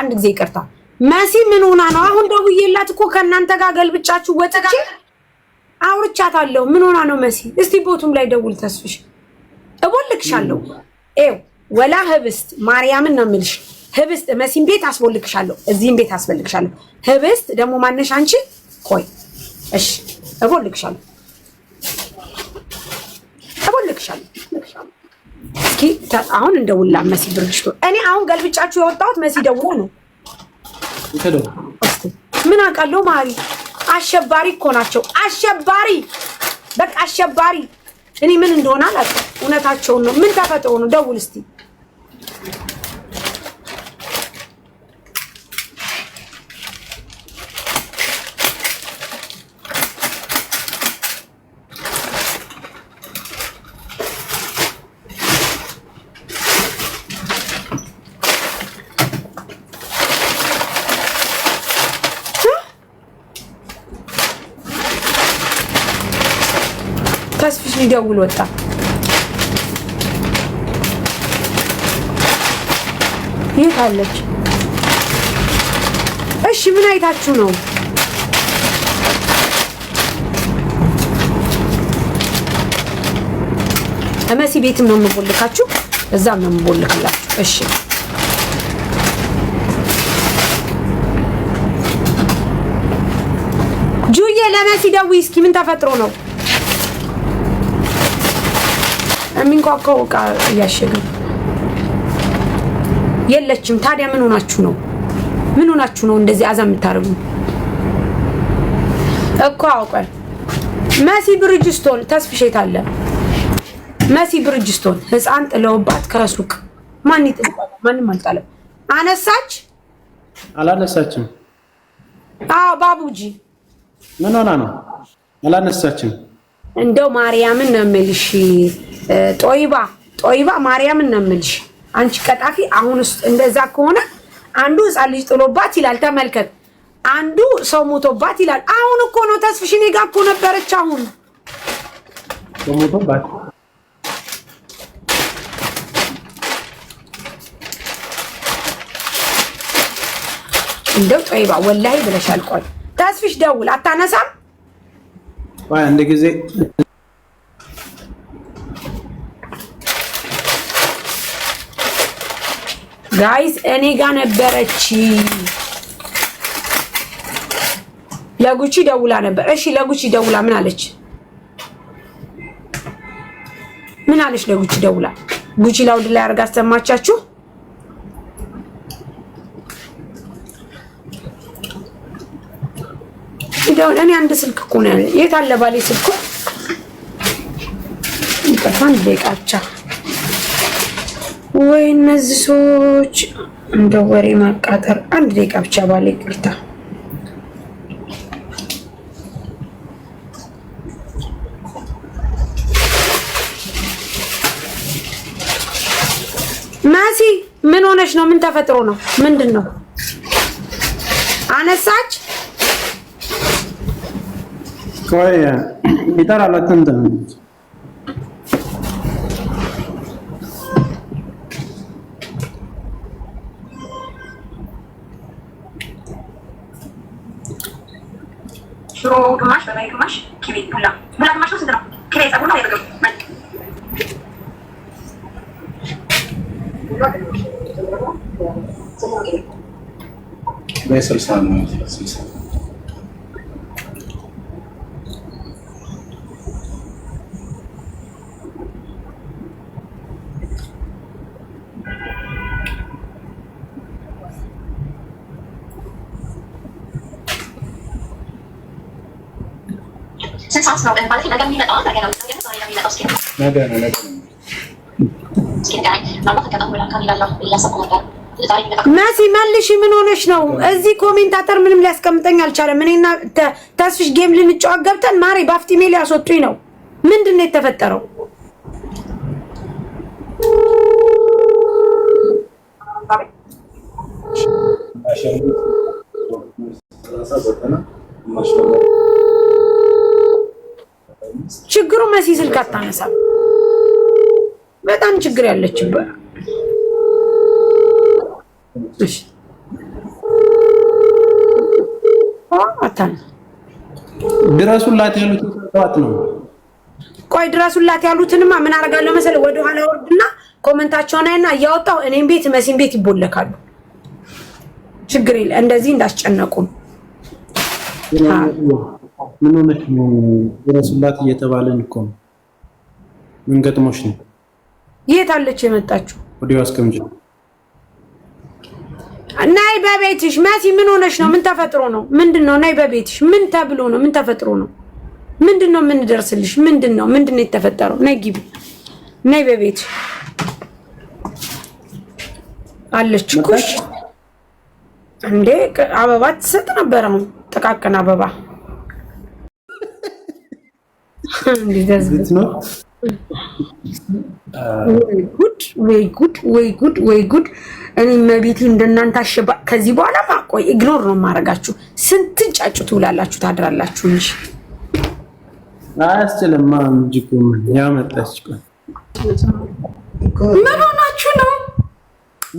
አንድ ጊዜ ይቅርታ መሲ ምን ሆና ነው? አሁን ደውዬላት እኮ ከእናንተ ጋር ገልብጫችሁ ወጥቼ አውርቻታለሁ። ምን ሆና ነው መሲ? እስቲ ቦቱም ላይ ደውል ተስፍሽ እቦልክሻለሁ። ይኸው ወላ ህብስት ማርያምን ነው የምልሽ። ህብስት መሲም ቤት አስቦልክሻለሁ፣ እዚህም ቤት አስቦልክሻለሁ። ህብስት ደግሞ ማነሽ አንቺ? ቆይ እሺ፣ እቦልክሻለሁ፣ እቦልክሻለሁ እስኪ አሁን እንደውላ መሲ ብርሽ እኔ አሁን ገልብጫችሁ የወጣሁት መሲ ደውሎ ነው። ምን አውቃለሁ ማሪ አሸባሪ እኮ ናቸው። አሸባሪ በቃ አሸባሪ። እኔ ምን እንደሆነ አላውቅም። እውነታቸውን ነው። ምን ተፈጥሮ ነው? ደውል እስኪ ሊደውል ወጣ። የት አለች? እሺ ምን አይታችሁ ነው? እመሲ ቤትም ነው የምቦልካችሁ፣ እዛም ነው የምቦልክላችሁ። እሺ ጁዬ ለመሲ ደውዪ እስኪ ምን ተፈጥሮ ነው? የሚንኳኳው እቃ እያሸግን የለችም። ታዲያ ምን ሆናችሁ ነው? ምን ሆናችሁ ነው እንደዚህ አዛ የምታደርጉ? እኮ አውቀን መሲ ብርጅስቶን ተስፍሼት አለ መሲ ብርጅስቶን ህፃን ጥለውባት ከሱቅ ማን ይጥልባት? ማንም አልጣለም። አነሳች አላነሳችም? አዎ ባቡጂ ምን ሆና ነው? አላነሳችም እንደው ማርያምን ነው የምልሽ። ጦይባ ጦይባ ማርያምን ነው የምልሽ። አንቺ ቀጣፊ፣ አሁን ውስጥ እንደዛ ከሆነ አንዱ ህፃን ልጅ ጥሎባት ይላል፣ ተመልከት። አንዱ ሰው ሞቶባት ይላል። አሁን እኮ ነው ተስፍሽ፣ እኔ ጋ እኮ ነበረች። አሁን እንደው ጦይባ ወላሂ ብለሻል። ቆይ ተስፍሽ ደውል፣ አታነሳም አንድ ጊዜ ጋይስ እኔ ጋ ነበረች። ለጉቺ ደውላ ነበር። እሺ ለጉቺ ደውላ ምን አለች? ምን አለች? ለጉቺ ደውላ ጉቺ ላውድ ላይ አድርጋ አሰማቻችሁ። ሄደውን እኔ አንድ ስልክ እኮ ነው ያለኝ። የት አለ ባሌ ስልኩ? ይቀርፋን ደቂቃቻ ወይ እነዚህ ሰዎች እንደ ወሬ ማቃጠር። አንድ ደቂቃ ብቻ ባሌ ቅርታ ማሲ ምን ሆነች ነው? ምን ተፈጥሮ ነው? ምንድን ነው አነሳች? Oye, invitar la tanda. ሽሮ ግማሽ፣ በላይ ግማሽ፣ ኪቤ ቡላ ቡላ ግማሽ ነው። ስንት ነው? ኪቤ ጸጉር ነው ያደረገው። ስልሳ ነው ስልሳ ነገ ነው ነገ ነው። መሲ መልሽ፣ ምን ሆነሽ ነው? እዚህ ኮሜንታተር ምንም ሊያስቀምጠኝ አልቻለም። እኔና ተስፍሽ ጌም ልንጫወት ገብተን ማሬ ባፍጢሜ ሊያስወጡኝ ነው። ምንድን ነው የተፈጠረው? ችግሩ መሲ ስልክ አታነሳ። በጣም ችግር ያለችበት ድረሱላት ያሉት ሰዋት ነው። ቆይ ድረሱላት ያሉትንማ ምን አደርጋለሁ መሰለህ፣ ወደኋላ ወርድና ኮመንታቸውን አይና እያወጣሁ እኔም ቤት መሲም ቤት ይቦለካሉ። ችግር የለ እንደዚህ እንዳስጨነቁም ምን ሆነሽ ነው? ረሱላት እየተባለን እኮ ነው። ምን ገጥሞሽ ነው? የት አለች የመጣችው? ወዲያው አስቀምጪ። ናይ በቤትሽ መሲ፣ ምን ሆነሽ ነው? ምን ተፈጥሮ ነው? ምንድን ነው? ናይ በቤትሽ ምን ተብሎ ነው? ምን ተፈጥሮ ነው? ምንድን ነው የምንደርስልሽ? ምንድን ነው ምንድን ነው የተፈጠረው? ናይ ግቢ፣ ናይ በቤትሽ አለች እኮ እንዴ። አበባ ትሰጥ ነበር። አሁን ጥቃቅን አበባ ነው። ወይ ጉድ ወይ ጉድ ወይ ጉድ! እኔ መቤቴ እንደናንተ አሸባ። ከዚህ በኋላ ማቆይ ኢግኖር ነው የማደርጋችሁ። ስንት ጫጩ ትውላላችሁ ታድራላችሁ እንጂ አያስችልም። እጅጉም ያመጣች ምን ሆናችሁ ነው?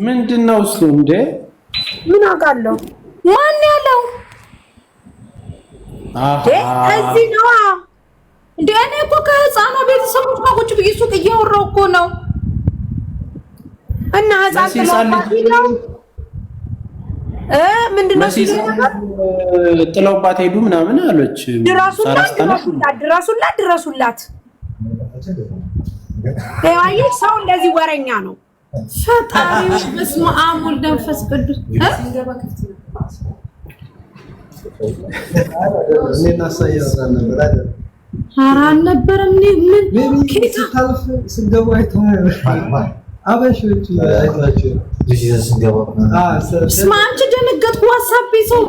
ምንድን ነው እሱ? እንዴ ምን አውቃለሁ? ማን ያለው ከዚህ ነዋ እንደ እኔ እኮ ከህፃኗ ቤተሰቦች ጋር ቁጭ ብዬ ሱቅ እያወራሁ እኮ ነው። እና ህፃን ጥለውባት ነው ጥለውባት ሄዱ ምናምን አለች። ድረሱላት፣ ድረሱላት፣ ድረሱላት። አየሽ ሰው እንደዚህ ወረኛ ነው። ፈጣሪ በስመ አብ ቅዱስ እ ኧረ አልነበረም። ምን ስታልፍ ስንገባ አበሾች ስማ፣ አንቺ ደነገጥኩ። ዋሳቢ ሰው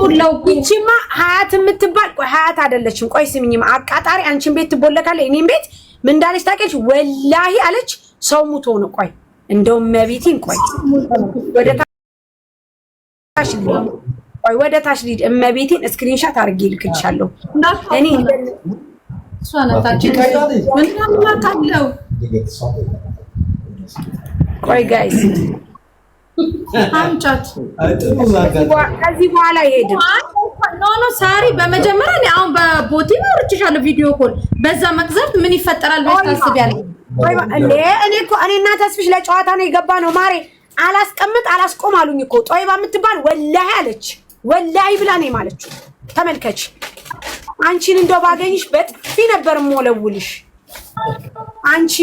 ሞላው። ይቺማ ሀያት የምትባል ቆይ፣ ሀያት አይደለችም። ቆይ ስምኝማ አቃጣሪ አንቺን ቤት ትቦለካለች፣ እኔም ቤት ምን እንዳለች ታውቂያለች? ወላሂ አለች ሰው ሙቶ ነው። ቆይ እንደው መቤቴን ቆይ ወደ ታሽ ቆይ ወደ ታሽ ልሂድ። እመቤቴን ስክሪንሻት አድርጌ ልክልሻለሁ እኔ እሷ ናታችን ቆይ ጋይስ አምጫት ከዚህ በኋላ ይሄድም ሳሪ፣ በመጀመሪያ እኔ አሁን በቦቴ አውርቼሻለሁ ቪዲዮ ኮል። በዛ መቅዘፍት ምን ይፈጠራል ብለሽ ታስቢያለሽ? እኔ እና ተስፍሽ ለጨዋታ ነው የገባ ነው ማሬ። አላስቀምጥ አላስቆም አሉኝ እኮ ጦይባ የምትባል ወላሂ አለች። ወላሂ ብላ ነው ማለችው። ተመልከች አንቺን እንደው ባገኝሽ በጥፊ ነበር ሞለውልሽ። አንቺ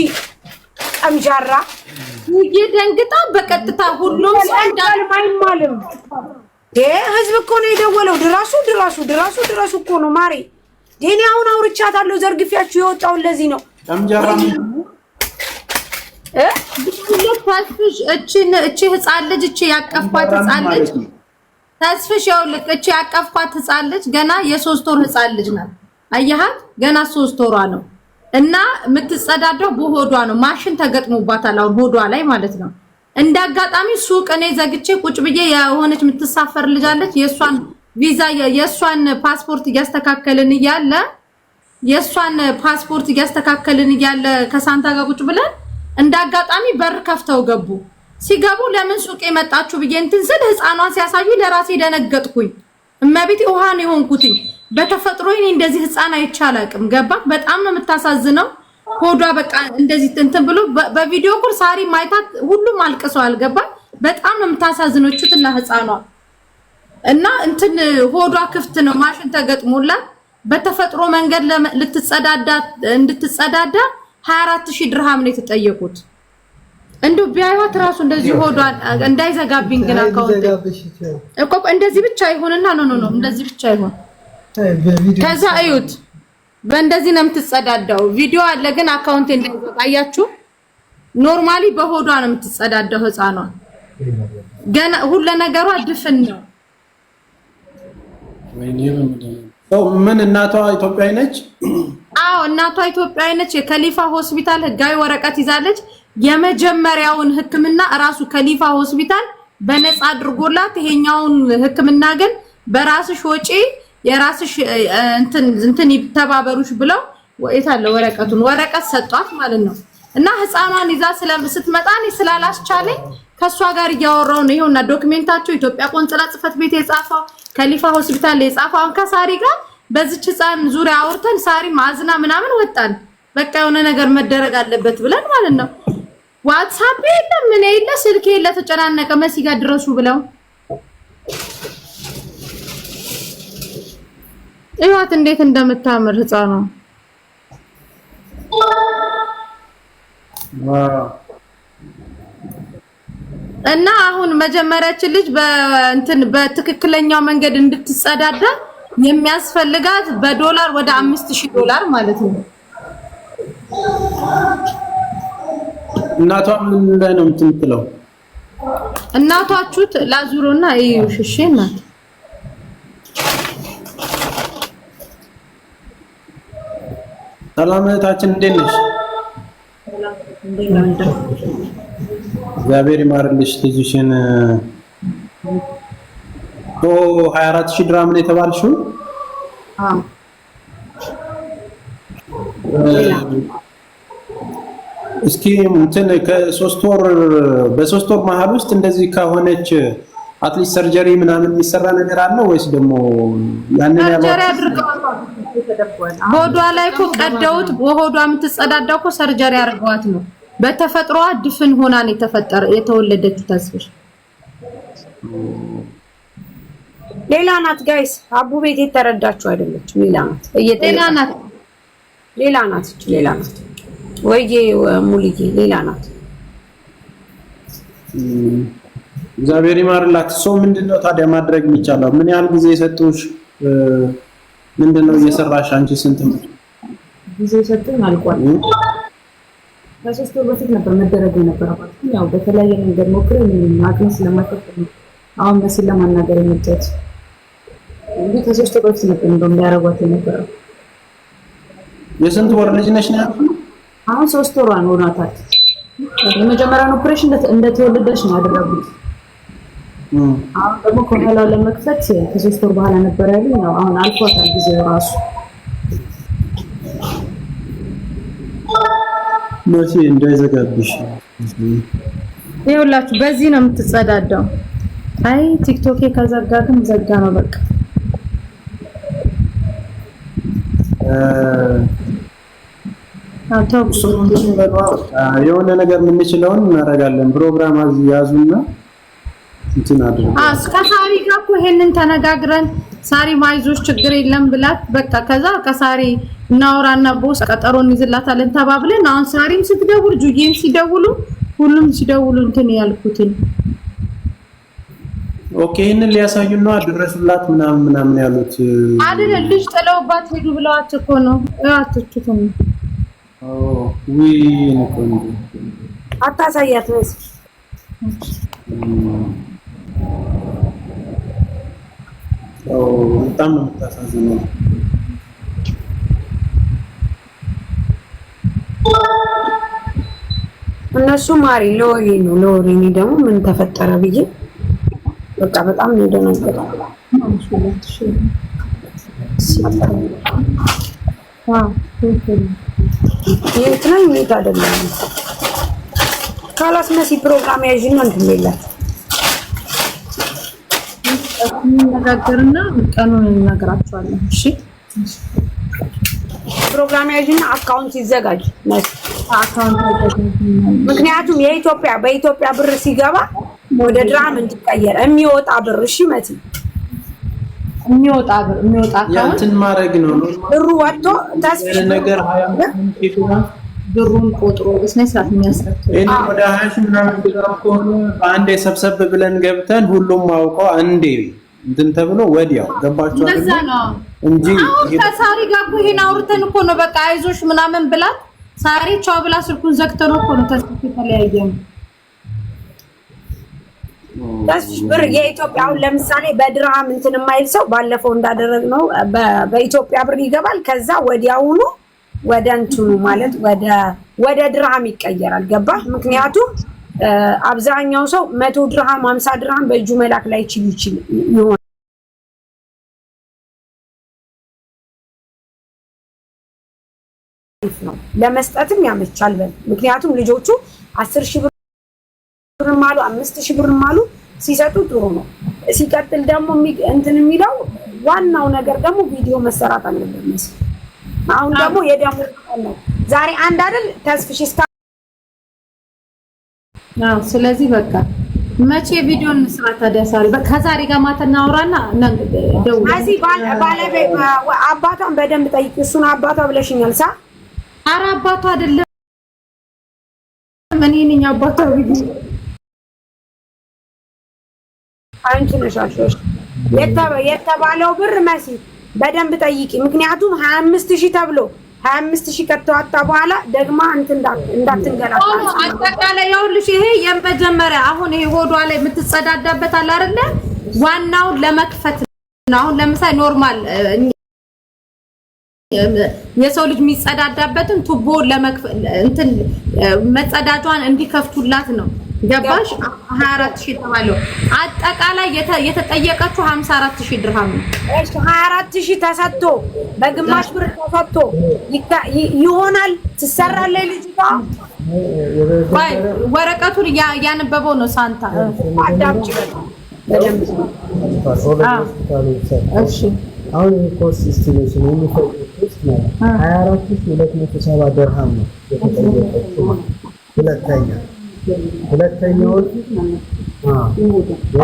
ቀምጃራ ደንግጣ በቀጥታ ሁሉም አይማልም። ህዝብ እኮ ነው የደወለው። ድረሱ ድረሱ ድረሱ ድረሱ እኮ ነው ማሬ። እኔ አሁን አውርቻታለሁ። ዘርግፊያችሁ የወጣው ለዚህ ነው ቀምጃራ እቺ ህፃን ልጅ እቺ ያቀፋት ህፃን ልጅ ተስፍሽ ይኸውልህ፣ እቺ ያቀፍኳት ህፃን ልጅ ገና የሶስት ወር ህፃን ልጅ ናት። አያሃት ገና ሶስት ወሯ ነው እና የምትጸዳዳው በሆዷ ነው። ማሽን ተገጥሞባታል አሁን ሆዷ ላይ ማለት ነው። እንደ አጋጣሚ ሱቅ እኔ ዘግቼ ቁጭ ብዬ የሆነች የምትሳፈር ልጅ አለች። የእሷን ቪዛ የእሷን ፓስፖርት እያስተካከልን እያለ የእሷን ፓስፖርት እያስተካከልን እያለ ከሳንታ ጋር ቁጭ ብለን እንደ አጋጣሚ በር ከፍተው ገቡ። ሲገቡ ለምን ሱቅ የመጣችሁ ብዬ እንትን ስል ህፃኗን ሲያሳዩ ለራሴ ደነገጥኩኝ። እመቤቴ ውሃን የሆንኩትኝ በተፈጥሮ እኔ እንደዚህ ህፃን አይቼ አላውቅም። ገባ በጣም ነው የምታሳዝነው። ሆዷ በቃ እንደዚህ ትንትን ብሎ በቪዲዮ ኮል ሳሪ ማይታት ሁሉም አልቅሰዋል። ገባ በጣም ነው የምታሳዝነው። እችትና ህፃኗ እና እንትን ሆዷ ክፍት ነው ማሽን ተገጥሞላት በተፈጥሮ መንገድ ልትጸዳዳ እንድትጸዳዳ 24000 ድርሃም ነው የተጠየቁት። እንዶ ቢያዩት ራሱ እንደዚህ ሆዷን እንዳይዘጋብኝ ግን አካውንት እኮ እንደዚህ ብቻ ይሆንና ኖ ኖ ኖ እንደዚህ ብቻ ይሆን። ከዛ እዩት፣ በእንደዚህ ነው የምትጸዳዳው። ቪዲዮ አለ ግን አካውንቴ እንዳይዘጋ አያችሁ። ኖርማሊ በሆዷ ነው የምትጸዳዳው ህፃኗ። ገና ሁለ ነገሯ ድፍን ነው። ምን እናቷ ኢትዮጵያዊ ነች? አዎ እናቷ ኢትዮጵያዊ ነች። የከሊፋ ሆስፒታል ህጋዊ ወረቀት ይዛለች። የመጀመሪያውን ህክምና እራሱ ከሊፋ ሆስፒታል በነፃ አድርጎላት ይሄኛውን ህክምና ግን በራስሽ ወጪ የራስሽ እንትን እንትን ይተባበሩሽ ብለው የት አለ ወረቀቱን ወረቀት ሰጧት ማለት ነው። እና ህፃኗን ይዛ ስትመጣ እኔ ስላላስቻለኝ ከእሷ ጋር እያወራው ነው። ይኸውና ዶክሜንታቸው ኢትዮጵያ ቆንጽላ ጽፈት ቤት የጻፈው ከሊፋ ሆስፒታል የጻፈው አሁን ከሳሪ ጋር በዚች ህፃን ዙሪያ አውርተን ሳሪ ማዝና ምናምን ወጣን። በቃ የሆነ ነገር መደረግ አለበት ብለን ማለት ነው። ዋትሳፕ የለ ምን የለ ስልክ የለ ተጨናነቀ። መሲ ጋር ድረሱ ብለው እዋት እንዴት እንደምታምር ህፃኗ እና አሁን መጀመሪያችን ልጅ በእንትን በትክክለኛው መንገድ እንድትጸዳዳ የሚያስፈልጋት በዶላር ወደ አምስት ሺህ ዶላር ማለት ነው። እናቷ ምን ላይ ነው የምትምትለው? እናቷችሁት ላዙሮና እዩ ሽሽ እናት ሰላም እህታችን እንዴት ነሽ? እግዚአብሔር ይማርልሽ ልጅሽን። ኦ 24 ሺህ ድራም ነው የተባልሽው? አዎ እስኪ እንትን ከሶስት ወር በሶስት ወር መሀል ውስጥ እንደዚህ ከሆነች አትሊስት ሰርጀሪ ምናምን የሚሰራ ነገር አለ ወይስ ደግሞ ያንን ሰርጀሪ አድርገዋታል? ሆዷ ላይ እኮ ቀደውት በሆዷ የምትጸዳዳው እኮ ሰርጀሪ አድርገዋት ነው። በተፈጥሮዋ ድፍን ሆናን የተፈጠረ የተወለደች ተስብሽ ሌላ ናት። ጋይስ አቡ ቤት የተረዳችሁ አይደለች። ሌላ ናት፣ ሌላ ናት፣ ሌላ ናት፣ ሌላ ናት። ወይዬ ሙልዬ ሌላ ናት። እግዚአብሔር ይማርላት። ሰው ምንድነው ታዲያ ማድረግ የሚቻለው? ምን ያህል ጊዜ የሰጡሽ? ምንድነው እየሰራሽ አንቺ? ስንት ጊዜ ሰጡኝ? አልቋል። ከሶስት ወር በፊት ነበር መደረግ የነበረባት። ያው በተለያየ መንገድ ሞክሬ አቅም ስለማይፈቅድ ነው አሁን መሲል ለማናገር የመጣሁት እንጂ ከሶስት ወር በፊት ነበር እንደውም ሊያረጓት የነበረው። የስንት ወር ልጅ ነሽ ነው አሁን ሶስት ወሯ ነው ሆኗታል። የመጀመሪያውን ኦፕሬሽን እንደተወለደች ነው ያደረጉት። አሁን ደግሞ ከኋላው ለመክፈት ከሶስት ወር በኋላ ነበር ያሉ። አሁን አልፏታል ጊዜው ራሱ። መቼ እንዳይዘጋብሽ ይኸውላችሁ፣ በዚህ ነው የምትጸዳደው። አይ ቲክቶኬ ከዘጋ ዘጋ ነው በቃ የሆነ ነገር የምንችለውን እናደርጋለን። ፕሮግራም ያዙና እንትን አድርጉ። ከሳሪ ጋር እኮ ይሄንን ተነጋግረን ሳሪ ማይዞች ችግር የለም ብላት በቃ ከዛ ከሳሪ እናወራና ቦስ ቀጠሮን ይዝላታለን ተባብለን አሁን ሳሪም ስትደውል ጁዬም ሲደውሉ ሁሉም ሲደውሉ እንትን ያልኩትን ኦኬ ይህንን ሊያሳዩና ድረሱላት ምናምን ምናምን ያሉት አይደለ ልጅ ጥለውባት ሄዱ ብለዋት እኮ ነው አትችቱም አታሳያት በጣም ነው የምታሳዝነው። እነሱ ማሪ ለወሬ ነው ለወሬ። እኔ ደግሞ ምን ተፈጠረ ብዬ በቃ በጣም ነው የደነገጠው። የት ነኝ? የት አይደለም። ካላስ መሲ ፕሮግራም ያዥ ነው እንትን እንነጋገርና ቀኑን እንነግራቸዋለን። እሺ ፕሮግራም ያዥና አካውንት ይዘጋጅ። ምክንያቱም የኢትዮጵያ በኢትዮጵያ ብር ሲገባ ወደ ድራም እንዲቀየር የሚወጣ ብር እሺ መሲ የሚወጣ የሚወጣ ማድረግ ነው። ብሩ ወጥቶ ነገር ብሩን ቆጥሮ በስነ ስርዓት የሚያስረክብ ወደ ሀያ ሺህ ምናምን ከሆነ ሰብሰብ ብለን ገብተን ሁሉም አውቀው አንዴ እንትን ተብሎ ወዲያው ገባቸው እንጂ አሁን ከሳሪ ጋር እኮ ይሄን አውርተን እኮ ነው በቃ አይዞሽ ምናምን ብላት ሳሪ ቻው ብላ ስልኩን ዘግተን እኮ ነው የተለያየ ነው። የኢትዮጵያ ለምሳሌ በድርሃም እንትን የማይል ሰው ባለፈው ነው በኢትዮጵያ ብር ይገባል። ከዛ ወዲያውኑ ወደ እንትኑ ማለት ወደ ድርሃም ይቀየራል። ገባ? ምክንያቱም አብዛኛው ሰው መቶ ድርሃም ሀምሳ ድርሃም በእጁ መላክ ላይ ይችል ነው ለመስጠትም ያመቻል። በል ምክንያቱም ልጆቹ አስር ሺህ ብር ብርም አሉ አምስት ሺህ ብርም አሉ ሲሰጡ ጥሩ ነው። ሲቀጥል ደግሞ እንትን የሚለው ዋናው ነገር ደግሞ ቪዲዮ መሰራት አለበት መስ አሁን ደግሞ የደሞ ነው ዛሬ አንድ አይደል ተስፍሽ እስካ አዎ። ስለዚህ በቃ መቼ ቪዲዮ እንስራ ታዲያ? ሳሪ ከዛሬ ጋር ማታ እናውራና ደውል። አዚ ባለቤት አባቷን በደንብ ጠይቅ። እሱን አባቷ ብለሽኛል ሳ ኧረ አባቷ አይደለም እኔ ነኝ አባቷ ቪዲዮ አንቺ ነሻሾሽ የተባለው ብር መሲ በደንብ ጠይቂ። ምክንያቱም ሀያ አምስት ሺህ ተብሎ ሀያ አምስት ሺህ ከተዋጣ በኋላ ደግማ እንትን አጠቃላይ ይኸውልሽ፣ ይሄ የመጀመሪያ አሁን ይሄ ሆዷ ላይ የምትጸዳዳበት አለ አይደለ? ዋናውን ለመክፈት ነው። አሁን ለምሳሌ ኖርማል የሰው ልጅ የሚጸዳዳበትን ቱቦ ለመክፈት እንትን መጸዳጇን እንዲከፍቱላት ነው። ገባሽ? 24 ሺህ ተባለው። አጠቃላይ የተጠየቀችው 54 ድርሃም ነው። እሺ 24 ተሰጥቶ በግማሽ ብር ተሰጥቶ ይሆናል ትሰራለች ልጅቷ። ባይ ወረቀቱን ያነበበው ነው ሳንታ አዳምጪ። አሁን ኮስት ኢስቲሜሽን የሚፈልጉት ነው 24 ድርሃም ነው የተጠየቀችው ሁለተኛ ሁለተኛውን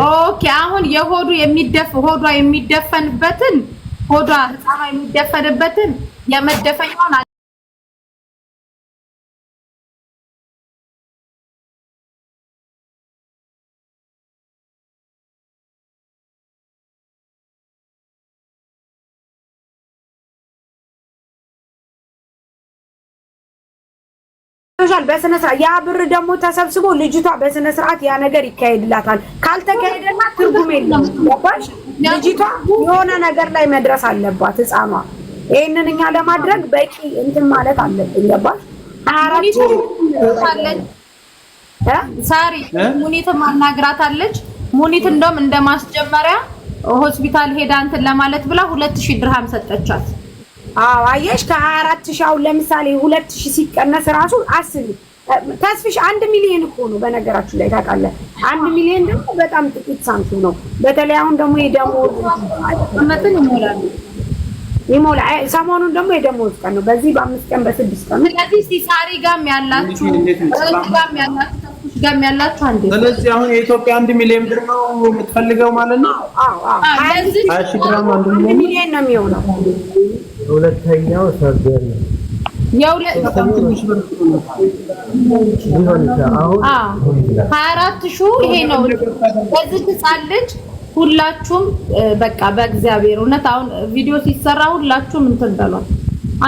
ኦኬ። አሁን የሆዱ የሚደፍ ሆዷ የሚደፈንበትን ሆዷ ህፃኗ የሚደፈንበትን የመደፈኛውን ገብቶሻል? በስነ ስርዓት ያ ብር ደግሞ ተሰብስቦ ልጅቷ በስነ ስርዓት ያ ነገር ይካሄድላታል። ካልተካሄደላት ትርጉም የለም። ልጅቷ የሆነ ነገር ላይ መድረስ አለባት ህፃኗ። ይህንን እኛ ለማድረግ በቂ እንትን ማለት አለብን። ገባሽ? ሳሪ ሙኒት ማናግራት አለች። ሙኒት እንደውም እንደ ማስጀመሪያ ሆስፒታል ሄዳ እንትን ለማለት ብላ ሁለት ሺህ ድርሃም ሰጠቻት። አዎ አየሽ፣ ከሀያ ሺህ አሁን ለምሳሌ ሁለት ሺህ ሲቀነስ ራሱ አስቢ። ተስፍሽ አንድ ሚሊዮን እኮ ነው በነገራችሁ ላይ ታውቃለህ። አንድ ሚሊዮን ደግሞ በጣም ጥቂት ሳንቲም ነው። በተለይ አሁን ደግሞ የደሞዝ መጠን ይሞላል ይሞላ ሰሞኑን ደግሞ የደሞዝ ቀን ነው። በዚህ በአምስት ቀን በስድስት ቀን ስለዚህ ሲሳሪ ጋም ያላችሁ ጋም ያላችሁ ጋም ያላችሁ አንዴ ስለዚህ አሁን የኢትዮጵያ አንድ ሚሊዮን ብር ነው የምትፈልገው ማለት ነው። አዎ አዎ አዎ ሀያ አንድ ሚሊዮን ነው የሚሆነው የሁለተኛው ሰርጀሪ ነው። የሁለት ይሄ ነው። በዚህ ህፃን ልጅ ሁላችሁም በቃ በእግዚአብሔር እውነት አሁን ቪዲዮ ሲሰራ ሁላችሁም እንትን በሏል።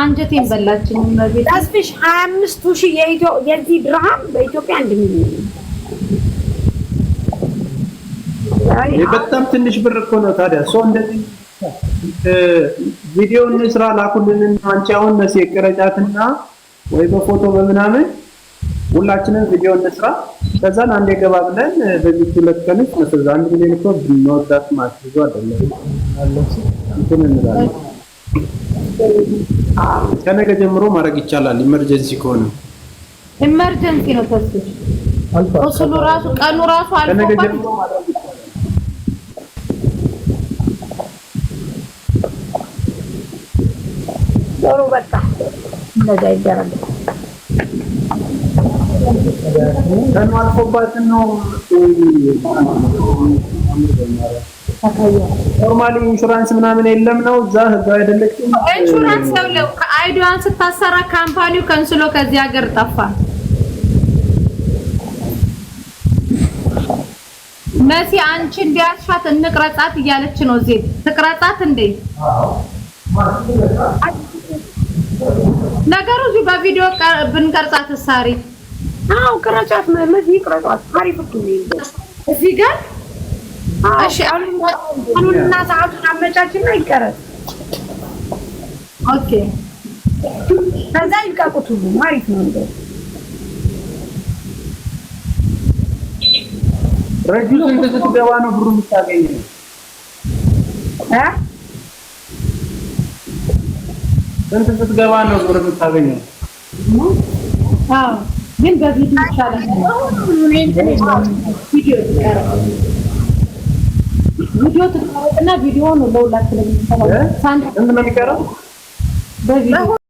አንጀቴን በላችን ቤት ተስፍሽ ሀያ አምስቱ ሺህ የዚህ ድርሃም በኢትዮጵያ አንድ ሚሊዮን በጣም ትንሽ ብር እኮ ነው። ታዲያ ሰው እንደዚህ ቪዲዮ እንስራ ላኩልንና አንቺ አሁን መስ የቀረጫትና ወይ በፎቶ በምናምን ሁላችንም ቪዲዮ እንስራ። ከዛን አንድ የገባ ብለን በዚህ ሁለት ቀን ውስጥ መስዛ አንድ ሚሊዮን እኮ ብንወዳት ማስይዞ አይደለም እንትን እንላለን። ከነገ ጀምሮ ማድረግ ይቻላል። ኢመርጀንሲ ከሆነ ኢመርጀንሲ ነው ተስፋ እሱ ራሱ ቀኑ ራሱ አልፎ ጥሩ በቃ እንደዛ ይደረግ። ኖርማሊ ኢንሹራንስ ምናምን የለም ነው እዛ ህግ አይደለችም። ኢንሹራንስ ያለው አይዲዋን ስታሰራ ካምፓኒው ከንስሎ ከዚህ ሀገር ጠፋ። መሲ አንቺ እንዲያሻት እንቅረጻት እያለች ነው ዜድ ትቅረጻት እንዴ ነገሩ እዚሁ በቪዲዮ ብንቀርጻት ሳሪ አው ቅረጫት ማለት ይቅረጫት አሪፍ እኮ ነው። እዚህ ጋር እሺ፣ አሁንና ሰዓቱን አመቻችና ይቀረጽ። ኦኬ፣ ከዛ ይልቀቁት። ሁሉ አሪፍ ነው እንዴ ረጅም እንደዚህ ገባ ነው ብሩ የምታገኘው እ እንትን ስትገባ ነው ብር የምታገኘው። ግን በቪዲዮ ይሻላል። ቪዲዮ ትቀረጥና ቪዲዮ ነው ለሁላችንም የሚቀረው በቪዲዮ